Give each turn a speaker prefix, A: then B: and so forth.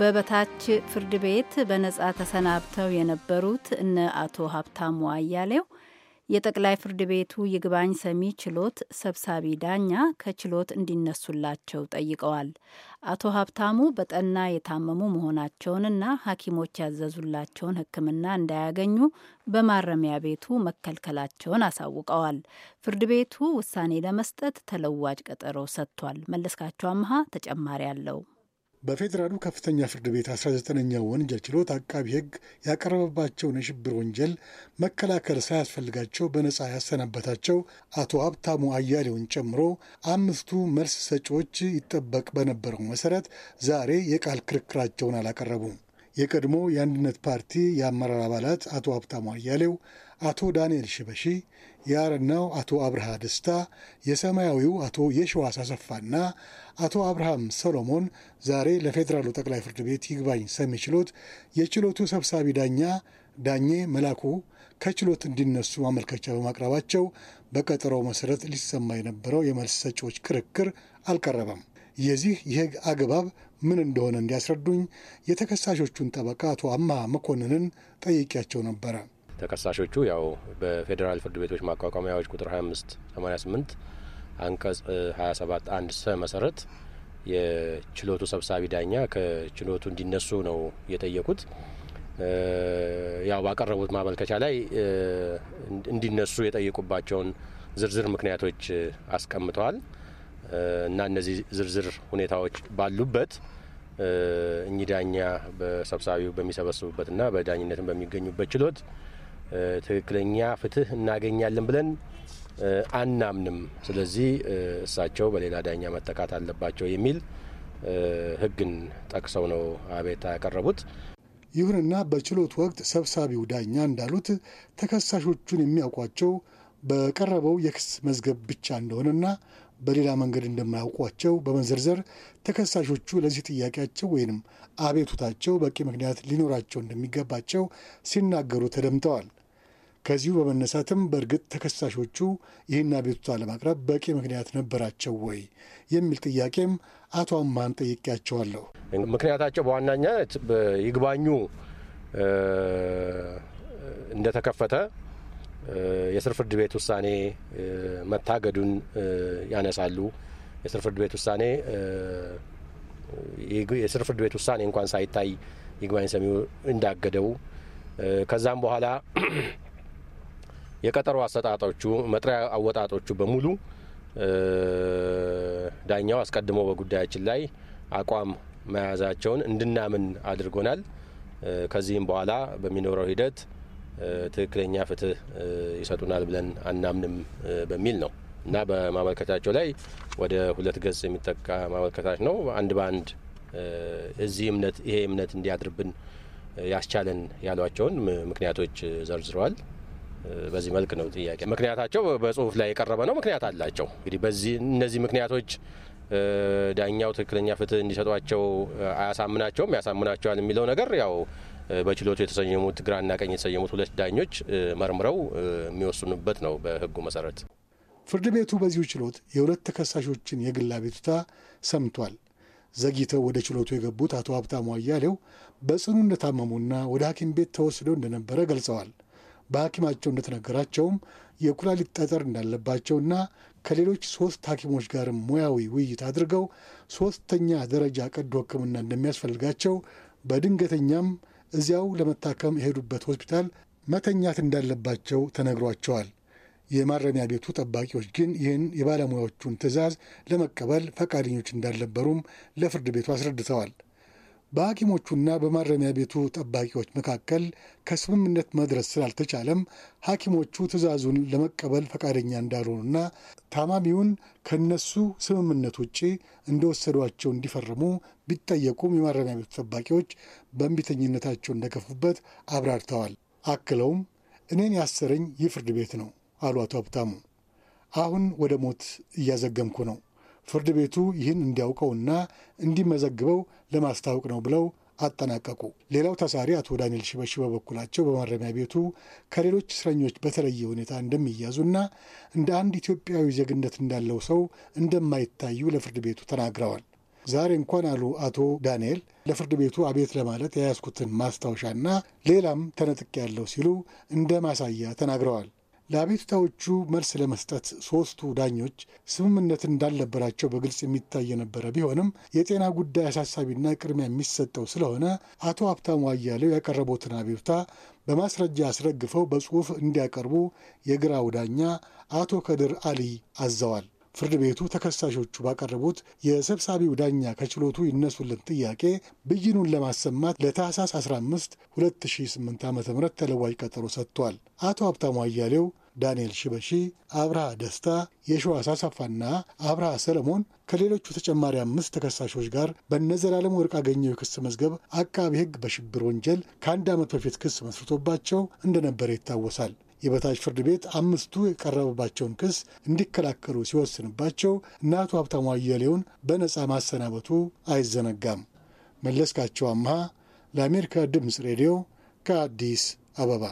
A: በበታች ፍርድ ቤት በነጻ ተሰናብተው የነበሩት እነ አቶ ሀብታሙ አያሌው የጠቅላይ ፍርድ ቤቱ ይግባኝ ሰሚ ችሎት ሰብሳቢ ዳኛ ከችሎት እንዲነሱላቸው ጠይቀዋል። አቶ ሀብታሙ በጠና የታመሙ መሆናቸውንና ሐኪሞች ያዘዙላቸውን ሕክምና እንዳያገኙ በማረሚያ ቤቱ መከልከላቸውን አሳውቀዋል። ፍርድ ቤቱ ውሳኔ ለመስጠት ተለዋጭ ቀጠሮ ሰጥቷል። መለስካቸው አምሃ ተጨማሪ አለው።
B: በፌዴራሉ ከፍተኛ ፍርድ ቤት 19ኛ ወንጀል ችሎት አቃቢ ሕግ ያቀረበባቸውን የሽብር ወንጀል መከላከል ሳያስፈልጋቸው በነፃ ያሰናበታቸው አቶ ሀብታሙ አያሌውን ጨምሮ አምስቱ መልስ ሰጪዎች ይጠበቅ በነበረው መሰረት ዛሬ የቃል ክርክራቸውን አላቀረቡም። የቀድሞ የአንድነት ፓርቲ የአመራር አባላት አቶ ሀብታሙ አያሌው አቶ ዳንኤል ሽበሺ፣ የአረናው አቶ አብርሃ ደስታ፣ የሰማያዊው አቶ የሸዋስ አሰፋና አቶ አብርሃም ሰሎሞን ዛሬ ለፌዴራሉ ጠቅላይ ፍርድ ቤት ይግባኝ ሰሚ ችሎት የችሎቱ ሰብሳቢ ዳኛ ዳኜ መላኩ ከችሎት እንዲነሱ ማመልከቻ በማቅረባቸው በቀጠሮው መሰረት ሊሰማ የነበረው የመልስ ሰጪዎች ክርክር አልቀረበም። የዚህ የህግ አግባብ ምን እንደሆነ እንዲያስረዱኝ የተከሳሾቹን ጠበቃ አቶ አማ መኮንንን ጠይቄያቸው ነበረ።
A: ተከሳሾቹ ያው በፌዴራል ፍርድ ቤቶች ማቋቋሚያዎች ቁጥር 25 88 አንቀጽ 27 1 ሰ መሰረት የችሎቱ ሰብሳቢ ዳኛ ከችሎቱ እንዲነሱ ነው የጠየቁት። ያው ባቀረቡት ማመልከቻ ላይ እንዲነሱ የጠየቁባቸውን ዝርዝር ምክንያቶች አስቀምጠዋል እና እነዚህ ዝርዝር ሁኔታዎች ባሉበት እኚህ ዳኛ በሰብሳቢው በሚሰበስቡበትና በዳኝነትም በሚገኙበት ችሎት ትክክለኛ ፍትህ እናገኛለን ብለን አናምንም። ስለዚህ እሳቸው በሌላ ዳኛ መጠቃት አለባቸው የሚል ህግን ጠቅሰው ነው አቤት ያቀረቡት።
B: ይሁንና በችሎት ወቅት ሰብሳቢው ዳኛ እንዳሉት ተከሳሾቹን የሚያውቋቸው በቀረበው የክስ መዝገብ ብቻ እንደሆነና በሌላ መንገድ እንደማያውቋቸው በመዘርዘር ተከሳሾቹ ለዚህ ጥያቄያቸው ወይንም አቤቱታቸው በቂ ምክንያት ሊኖራቸው እንደሚገባቸው ሲናገሩ ተደምጠዋል። ከዚሁ በመነሳትም በእርግጥ ተከሳሾቹ ይህን አቤቱታ ለማቅረብ በቂ ምክንያት ነበራቸው ወይ የሚል ጥያቄም አቶ አማን ጠይቄያቸዋለሁ።
A: ምክንያታቸው በዋናኛነት ይግባኙ እንደተከፈተ የስር ፍርድ ቤት ውሳኔ መታገዱን ያነሳሉ። የስር ፍርድ ቤት ውሳኔ የስር ፍርድ ቤት ውሳኔ እንኳን ሳይታይ ይግባኝ ሰሚው እንዳገደው ከዛም በኋላ የቀጠሮ አሰጣጦቹ፣ መጥሪያ አወጣጦቹ በሙሉ ዳኛው አስቀድሞ በጉዳያችን ላይ አቋም መያዛቸውን እንድናምን አድርጎናል። ከዚህም በኋላ በሚኖረው ሂደት ትክክለኛ ፍትህ ይሰጡናል ብለን አናምንም በሚል ነው እና በማመልከቻቸው ላይ ወደ ሁለት ገጽ የሚጠቃ ማመልከታች ነው። አንድ በአንድ እዚህ እምነት ይሄ እምነት እንዲያድርብን ያስቻለን ያሏቸውን ምክንያቶች ዘርዝረዋል። በዚህ መልክ ነው ጥያቄ። ምክንያታቸው በጽሁፍ ላይ የቀረበ ነው። ምክንያት አላቸው። እንግዲህ በዚህ እነዚህ ምክንያቶች ዳኛው ትክክለኛ ፍትህ እንዲሰጧቸው አያሳምናቸውም፣ ያሳምናቸዋል የሚለው ነገር ያው በችሎቱ የተሰየሙት ግራና ቀኝ የተሰየሙት ሁለት ዳኞች መርምረው የሚወስኑበት ነው በህጉ መሰረት።
B: ፍርድ ቤቱ በዚሁ ችሎት የሁለት ተከሳሾችን የግል አቤቱታ ሰምቷል። ዘግይተው ወደ ችሎቱ የገቡት አቶ ሀብታሙ አያሌው በጽኑ እንደታመሙና ወደ ሐኪም ቤት ተወስደው እንደነበረ ገልጸዋል። በሐኪማቸው እንደተነገራቸውም የኩላሊት ጠጠር እንዳለባቸውና ከሌሎች ሶስት ሐኪሞች ጋርም ሙያዊ ውይይት አድርገው ሶስተኛ ደረጃ ቀዶ ሕክምና እንደሚያስፈልጋቸው በድንገተኛም እዚያው ለመታከም የሄዱበት ሆስፒታል መተኛት እንዳለባቸው ተነግሯቸዋል። የማረሚያ ቤቱ ጠባቂዎች ግን ይህን የባለሙያዎቹን ትዕዛዝ ለመቀበል ፈቃደኞች እንዳልነበሩም ለፍርድ ቤቱ አስረድተዋል። በሐኪሞቹና በማረሚያ ቤቱ ጠባቂዎች መካከል ከስምምነት መድረስ ስላልተቻለም ሐኪሞቹ ትዕዛዙን ለመቀበል ፈቃደኛ እንዳልሆኑና ታማሚውን ከነሱ ስምምነት ውጪ እንደወሰዷቸው እንዲፈርሙ ቢጠየቁም የማረሚያ ቤቱ ጠባቂዎች በእንቢተኝነታቸው እንደከፉበት አብራርተዋል። አክለውም እኔን ያሰረኝ ይህ ፍርድ ቤት ነው አሉ አቶ ሀብታሙ። አሁን ወደ ሞት እያዘገምኩ ነው ፍርድ ቤቱ ይህን እንዲያውቀውና እንዲመዘግበው ለማስታወቅ ነው ብለው አጠናቀቁ። ሌላው ታሳሪ አቶ ዳንኤል ሽበሺ በበኩላቸው በማረሚያ ቤቱ ከሌሎች እስረኞች በተለየ ሁኔታ እንደሚያዙና እንደ አንድ ኢትዮጵያዊ ዜግነት እንዳለው ሰው እንደማይታዩ ለፍርድ ቤቱ ተናግረዋል። ዛሬ እንኳን አሉ አቶ ዳንኤል ለፍርድ ቤቱ አቤት ለማለት የያዝኩትን ማስታወሻና ሌላም ተነጥቅ ያለው ሲሉ እንደ ማሳያ ተናግረዋል። ለአቤቱታዎቹ መልስ ለመስጠት ሶስቱ ዳኞች ስምምነት እንዳልነበራቸው በግልጽ የሚታይ የነበረ ቢሆንም የጤና ጉዳይ አሳሳቢና ቅድሚያ የሚሰጠው ስለሆነ አቶ ሀብታሙ አያሌው ያቀረቡትን አቤቱታ በማስረጃ አስረግፈው በጽሑፍ እንዲያቀርቡ የግራው ዳኛ አቶ ከድር አሊ አዘዋል። ፍርድ ቤቱ ተከሳሾቹ ባቀረቡት የሰብሳቢው ዳኛ ከችሎቱ ይነሱልን ጥያቄ ብይኑን ለማሰማት ለታህሳስ 15 2008 ዓ ም ተለዋጭ ቀጠሮ ሰጥቷል። አቶ ሀብታሙ አያሌው፣ ዳንኤል ሽበሺ፣ አብርሃ ደስታ፣ የሸዋስ አሰፋና አብርሃ ሰለሞን ከሌሎቹ ተጨማሪ አምስት ተከሳሾች ጋር በነዘላለም ወርቅ አገኘው የክስ መዝገብ አቃቢ ሕግ በሽብር ወንጀል ከአንድ ዓመት በፊት ክስ መስርቶባቸው እንደነበረ ይታወሳል። የበታች ፍርድ ቤት አምስቱ የቀረበባቸውን ክስ እንዲከላከሉ ሲወስንባቸው እነ አቶ ሀብታሙ አያሌውን በነፃ ማሰናበቱ አይዘነጋም። መለስካቸው አምሃ ለአሜሪካ ድምፅ ሬዲዮ ከአዲስ አበባ